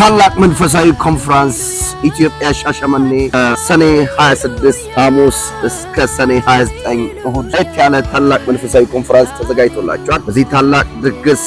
ታላቅ መንፈሳዊ ኮንፈረንስ ኢትዮጵያ ሻሸመኔ ሰኔ 26 ሐሙስ እስከ ሰኔ 29 እሁድ ለየት ያለ ታላቅ መንፈሳዊ ኮንፈረንስ ተዘጋጅቶላችኋል። በዚህ ታላቅ ድግስ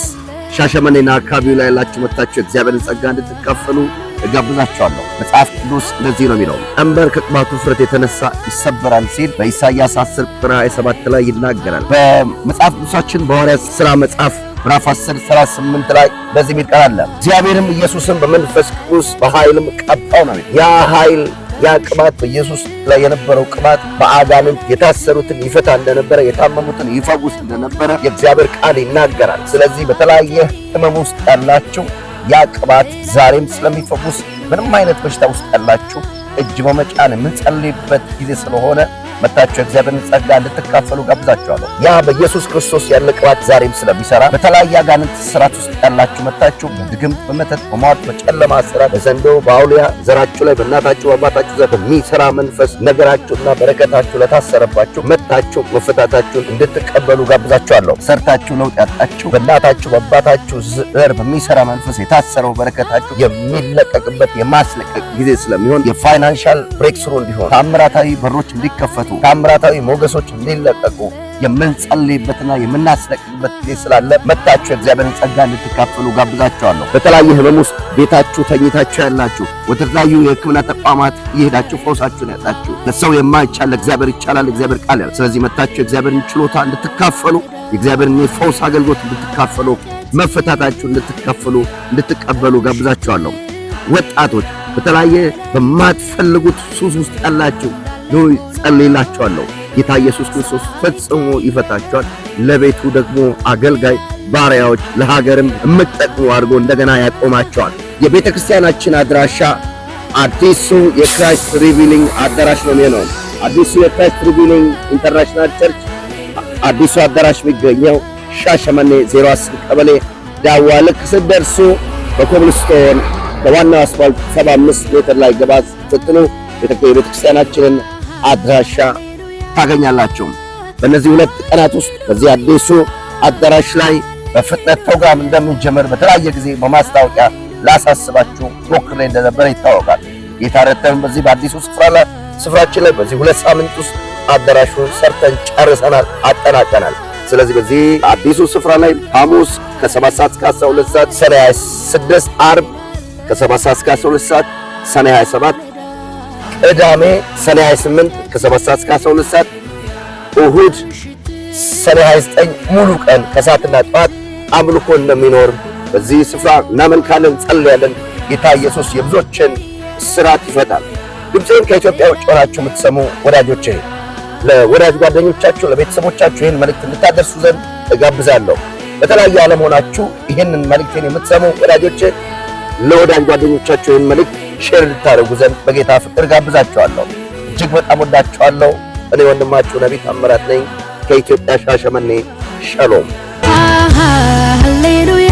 ሻሸመኔና አካባቢው ላይ ያላችሁ መጥታችሁ እግዚአብሔርን ጸጋ እንድትካፈሉ እጋብዛችኋለሁ። መጽሐፍ ቅዱስ እንደዚህ ነው የሚለው ቀንበር ከቅባቱ ፍረት የተነሳ ይሰበራል ሲል በኢሳይያስ 10 ቁጥር 27 ላይ ይናገራል። በመጽሐፍ ቅዱሳችን በሐዋርያት ሥራ መጽሐፍ ምዕራፍ 10 38 ላይ በዚህ የሚል ቃል አለ። እግዚአብሔርም ኢየሱስን በመንፈስ ቅዱስ በኃይልም ቀባው ነው። ያ ኃይል ያ ቅባት በኢየሱስ ላይ የነበረው ቅባት በአጋንንት የታሰሩትን ይፈታ እንደነበረ፣ የታመሙትን ይፈውስ እንደነበረ የእግዚአብሔር ቃል ይናገራል። ስለዚህ በተለያየ ሕመም ውስጥ ያላቸው ያ ቅባት ዛሬም ስለሚፈውስ ምንም አይነት በሽታ ውስጥ ያላችሁ እጅ በመጫን የምንጸልይበት ጊዜ ስለሆነ መታችሁ እግዚአብሔርን ጸጋ እንድትካፈሉ ጋብዛችኋለሁ። ያ በኢየሱስ ክርስቶስ ያለ ቅባት ዛሬም ስለሚሰራ በተለያየ አጋንንት ስራት ውስጥ ያላችሁ መታችሁ በድግም በመተት በሟርት በጨለማ ስራት በዘንዶ በአውሊያ ዘራችሁ ላይ በእናታችሁ በአባታችሁ ዘር በሚሰራ መንፈስ ነገራችሁና በረከታችሁ ለታሰረባችሁ መታችሁ መፈታታችሁን እንድትቀበሉ ጋብዛችኋለሁ። ሰርታችሁ ለውጥ ያጣችሁ በእናታችሁ በአባታችሁ ዘር በሚሰራ መንፈስ የታሰረው በረከታችሁ የሚለቀቅበት የማስለቀቅ ጊዜ ስለሚሆን የፋይናንሻል ብሬክ ስሩ እንዲሆን ታምራታዊ በሮች እንዲከፈቱ እንዲፈቱ ታምራታዊ ሞገሶች እንዲለቀቁ የምንጸልይበትና የምናስለቅበት ጊዜ ስላለ መጥታችሁ እግዚአብሔርን ጸጋ እንድትካፈሉ ጋብዛችኋለሁ። በተለያየ ህመም ውስጥ ቤታችሁ ተኝታችሁ ያላችሁ፣ ወደ ተለያዩ የህክምና ተቋማት እየሄዳችሁ ፈውሳችሁን ያጣችሁ፣ ለሰው የማይቻል ለእግዚአብሔር ይቻላል እግዚአብሔር ቃል ያለ። ስለዚህ መጥታችሁ የእግዚአብሔርን ችሎታ እንድትካፈሉ፣ የእግዚአብሔርን የፈውስ አገልግሎት እንድትካፈሉ፣ መፈታታችሁ እንድትካፈሉ፣ እንድትቀበሉ ጋብዛችኋለሁ። ወጣቶች በተለያየ በማትፈልጉት ሱስ ውስጥ ያላችሁ ጸልይላችኋለሁ። ጌታ ኢየሱስ ክርስቶስ ፈጽሞ ይፈታችኋል። ለቤቱ ደግሞ አገልጋይ ባሪያዎች፣ ለሀገርም የምትጠቅሙ አድርጎ እንደገና ያቆማቸዋል። የቤተ ክርስቲያናችን አድራሻ አዲሱ የክራይስት ሪቪሊንግ አዳራሽ ነው የሚሆነው። አዲሱ የክራይስት ሪቪሊንግ ኢንተርናሽናል ቸርች አዲሱ አዳራሽ የሚገኘው ሻሸመኔ 010 ቀበሌ ዳዋ ልክ ስትደርሱ በኮብልስቶን በዋናው አስፋልት 75 ሜትር ላይ ገባ ስትሉ የቤተክርስቲያናችንን አድራሻ ታገኛላችሁ። በእነዚህ ሁለት ቀናት ውስጥ በዚህ አዲሱ አዳራሽ ላይ በፍጥነት ፕሮግራም እንደምንጀምር በተለያየ ጊዜ በማስታወቂያ ላሳስባችሁ ሞክሬ እንደነበረ ይታወቃል። የታረተም በዚህ በአዲሱ ስፍራ ስፍራችን ላይ በዚህ ሁለት ሳምንት ውስጥ አዳራሹን ሰርተን ጨርሰናል፣ አጠናቀናል። ስለዚህ በዚህ አዲሱ ስፍራ ላይ ሐሙስ ከ7 ሰዓት እስከ 12 ሰዓት፣ ሰኔ 26 አርብ ከ7 ሰዓት እስከ 12 ሰዓት፣ ሰኔ 27 ቅዳሜ ሰኔ 28 ከ7 ሰዓት እስከ 12 ሰዓት፣ እሁድ ሰኔ 29 ሙሉ ቀን ከሰዓትና ጠዋት አምልኮ እንደሚኖር በዚህ ስፍራ እናመልካለን፣ ጸልያለን። ጌታ ኢየሱስ የብዙዎችን ስራት ይፈታል። ድምፄን ከኢትዮጵያ ውጭ ሆናችሁ የምትሰሙ ወዳጆች ለወዳጅ ጓደኞቻችሁ፣ ለቤተሰቦቻችሁ ይህን መልእክት እንድታደርሱ ዘንድ እጋብዛለሁ። በተለያየ ዓለም ሆናችሁ ይህንን መልእክቴን የምትሰሙ ወዳጆች ለወዳጅ ጓደኞቻችሁ ይህን መልእክት ሼር ልታደርጉ ዘንድ በጌታ ፍቅር ጋብዛችኋለሁ። እጅግ በጣም ወዳችኋለሁ። እኔ ወንድማችሁ ነቢይ ታምራት ነኝ ከኢትዮጵያ ሻሸመኔ። ሸሎም ሃሌሉያ።